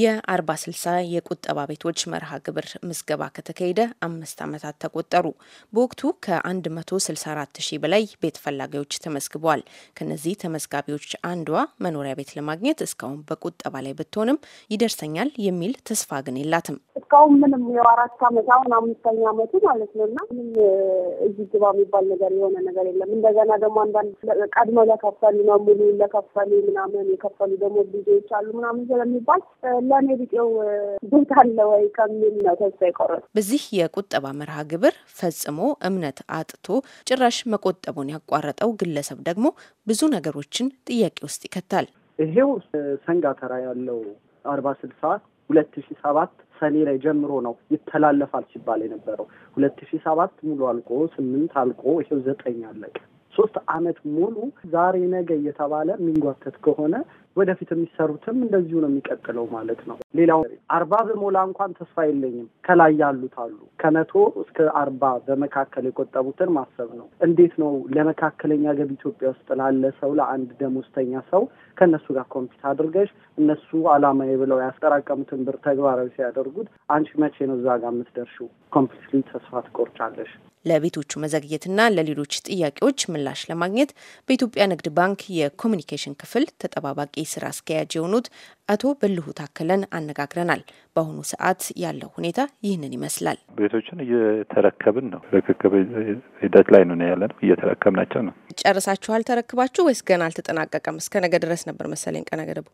የአርባ ስልሳ የቁጠባ ቤቶች መርሃ ግብር ምዝገባ ከተካሄደ አምስት ዓመታት ተቆጠሩ። በወቅቱ ከ164 ሺህ በላይ ቤት ፈላጊዎች ተመዝግበዋል። ከነዚህ ተመዝጋቢዎች አንዷ መኖሪያ ቤት ለማግኘት እስካሁን በቁጠባ ላይ ብትሆንም ይደርሰኛል የሚል ተስፋ ግን የላትም። እስካሁን ምንም የአራት ዓመት አሁን አምስተኛ ዓመቱ ማለት ነው እና ምንም እዚህ ግባ የሚባል ነገር የሆነ ነገር የለም። እንደገና ደግሞ አንዳንድ ቀድመው ለከፈሉ ነው ሙሉ ለከፈሉ ምናምን የከፈሉ ደግሞ ብዙዎች አሉ ምናምን ስለሚባል ለእኔ ቢጤው ቦታ አለ ወይ ከሚል ነው ተስፋ የቆረጥ። በዚህ የቁጠባ መርሃ ግብር ፈጽሞ እምነት አጥቶ ጭራሽ መቆጠቡን ያቋረጠው ግለሰብ ደግሞ ብዙ ነገሮችን ጥያቄ ውስጥ ይከታል። ይሄው ሰንጋተራ ያለው አርባ ስልሳ ሁለት ሺ ሰባት ሰኔ ላይ ጀምሮ ነው ይተላለፋል ሲባል የነበረው ሁለት ሺ ሰባት ሙሉ አልቆ ስምንት አልቆ ይሄው ዘጠኝ አለቀ። ሶስት አመት ሙሉ ዛሬ ነገ እየተባለ የሚንጓተት ከሆነ ወደፊት የሚሰሩትም እንደዚሁ ነው የሚቀጥለው ማለት ነው። ሌላው አርባ በሞላ እንኳን ተስፋ የለኝም። ከላይ ያሉት አሉ ከመቶ እስከ አርባ በመካከል የቆጠቡትን ማሰብ ነው። እንዴት ነው ለመካከለኛ ገቢ ኢትዮጵያ ውስጥ ላለ ሰው ለአንድ ደሞዝተኛ ሰው ከእነሱ ጋር ኮምፒት አድርገሽ እነሱ አላማዬ ብለው ያስጠራቀሙትን ብር ተግባራዊ ሲያደርጉት አንቺ መቼ ነው እዛ ጋር የምትደርሹ? ኮምፕሊትሊ ተስፋ ትቆርጫለሽ። ለቤቶቹ መዘግየትና ለሌሎች ጥያቄዎች ምላሽ ለማግኘት በኢትዮጵያ ንግድ ባንክ የኮሚኒኬሽን ክፍል ተጠባባቂ ስራ አስኪያጅ የሆኑት አቶ በልሁ ታከለን አነጋግረናል። በአሁኑ ሰዓት ያለው ሁኔታ ይህንን ይመስላል። ቤቶችን እየተረከብን ነው። ርክክብ ሂደት ላይ ነው ያለ ነው። እየተረከብናቸው ነው። ጨርሳችኋል ተረክባችሁ ወይስ ገና አልተጠናቀቀም? እስከ ነገ ድረስ ነበር መሰለኝ ቀነ ገደቡ።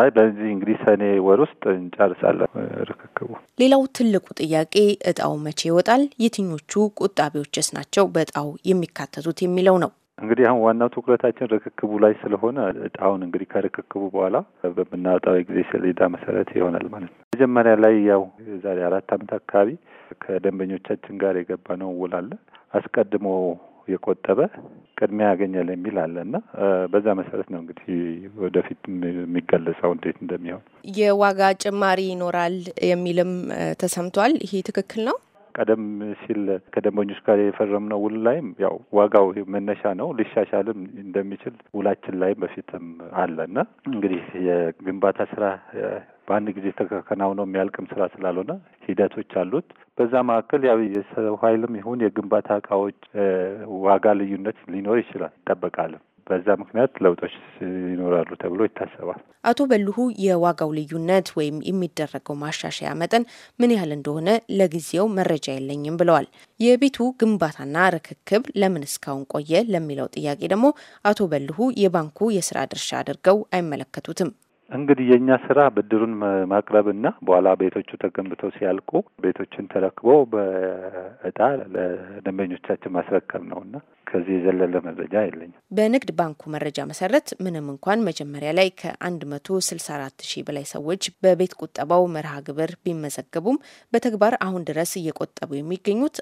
አይ በዚህ እንግዲህ ሰኔ ወር ውስጥ እንጨርሳለን ርክክቡ። ሌላው ትልቁ ጥያቄ እጣው መቼ ይወጣል፣ የትኞቹ ቁጣቢዎችስ ናቸው በእጣው የሚካተቱት የሚለው ነው። እንግዲህ አሁን ዋናው ትኩረታችን ርክክቡ ላይ ስለሆነ እጣውን እንግዲህ ከርክክቡ በኋላ በምናወጣው የጊዜ ሰሌዳ መሰረት ይሆናል ማለት ነው። መጀመሪያ ላይ ያው የዛሬ አራት ዓመት አካባቢ ከደንበኞቻችን ጋር የገባ ነው ውል አለ። አስቀድሞ የቆጠበ ቅድሚያ ያገኛል የሚል አለ እና በዛ መሰረት ነው እንግዲህ ወደፊት የሚገለጸው እንዴት እንደሚሆን። የዋጋ ጭማሪ ይኖራል የሚልም ተሰምቷል። ይሄ ትክክል ነው? ቀደም ሲል ከደንበኞች ጋር የፈረምነው ውል ላይም ያው ዋጋው መነሻ ነው፣ ሊሻሻልም እንደሚችል ውላችን ላይም በፊትም አለ እና እንግዲህ የግንባታ ስራ በአንድ ጊዜ ተከናውኖ የሚያልቅም ስራ ስላልሆነ ሂደቶች አሉት። በዛ መካከል ያው የሰው ኃይልም ይሁን የግንባታ እቃዎች ዋጋ ልዩነት ሊኖር ይችላል ይጠበቃልም። በዛ ምክንያት ለውጦች ይኖራሉ ተብሎ ይታሰባል። አቶ በልሁ የዋጋው ልዩነት ወይም የሚደረገው ማሻሻያ መጠን ምን ያህል እንደሆነ ለጊዜው መረጃ የለኝም ብለዋል። የቤቱ ግንባታና ርክክብ ለምን እስካሁን ቆየ ለሚለው ጥያቄ ደግሞ አቶ በልሁ የባንኩ የስራ ድርሻ አድርገው አይመለከቱትም። እንግዲህ የእኛ ስራ ብድሩን ማቅረብና በኋላ ቤቶቹ ተገንብተው ሲያልቁ ቤቶችን ተረክቦ በእጣ ለደንበኞቻችን ማስረከብ ነውና ከዚህ የዘለለ መረጃ የለኝም። በንግድ ባንኩ መረጃ መሰረት ምንም እንኳን መጀመሪያ ላይ ከ164 ሺህ በላይ ሰዎች በቤት ቁጠባው መርሃ ግብር ቢመዘገቡም በተግባር አሁን ድረስ እየቆጠቡ የሚገኙት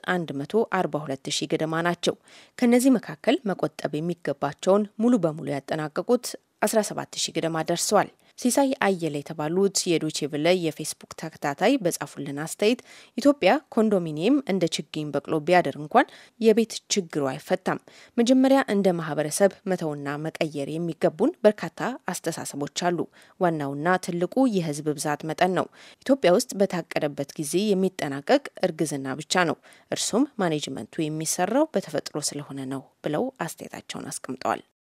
142 ሺህ ገደማ ናቸው። ከነዚህ መካከል መቆጠብ የሚገባቸውን ሙሉ በሙሉ ያጠናቀቁት 17 ሺህ ገደማ ደርሰዋል። ሲሳይ አየለ የተባሉት የዶቼ ቬለ የፌስቡክ ተከታታይ በጻፉልን አስተያየት ኢትዮጵያ ኮንዶሚኒየም እንደ ችግኝ በቅሎ ቢያደር እንኳን የቤት ችግሩ አይፈታም። መጀመሪያ እንደ ማህበረሰብ መተውና መቀየር የሚገቡን በርካታ አስተሳሰቦች አሉ። ዋናውና ትልቁ የህዝብ ብዛት መጠን ነው። ኢትዮጵያ ውስጥ በታቀደበት ጊዜ የሚጠናቀቅ እርግዝና ብቻ ነው። እርሱም ማኔጅመንቱ የሚሰራው በተፈጥሮ ስለሆነ ነው ብለው አስተያየታቸውን አስቀምጠዋል።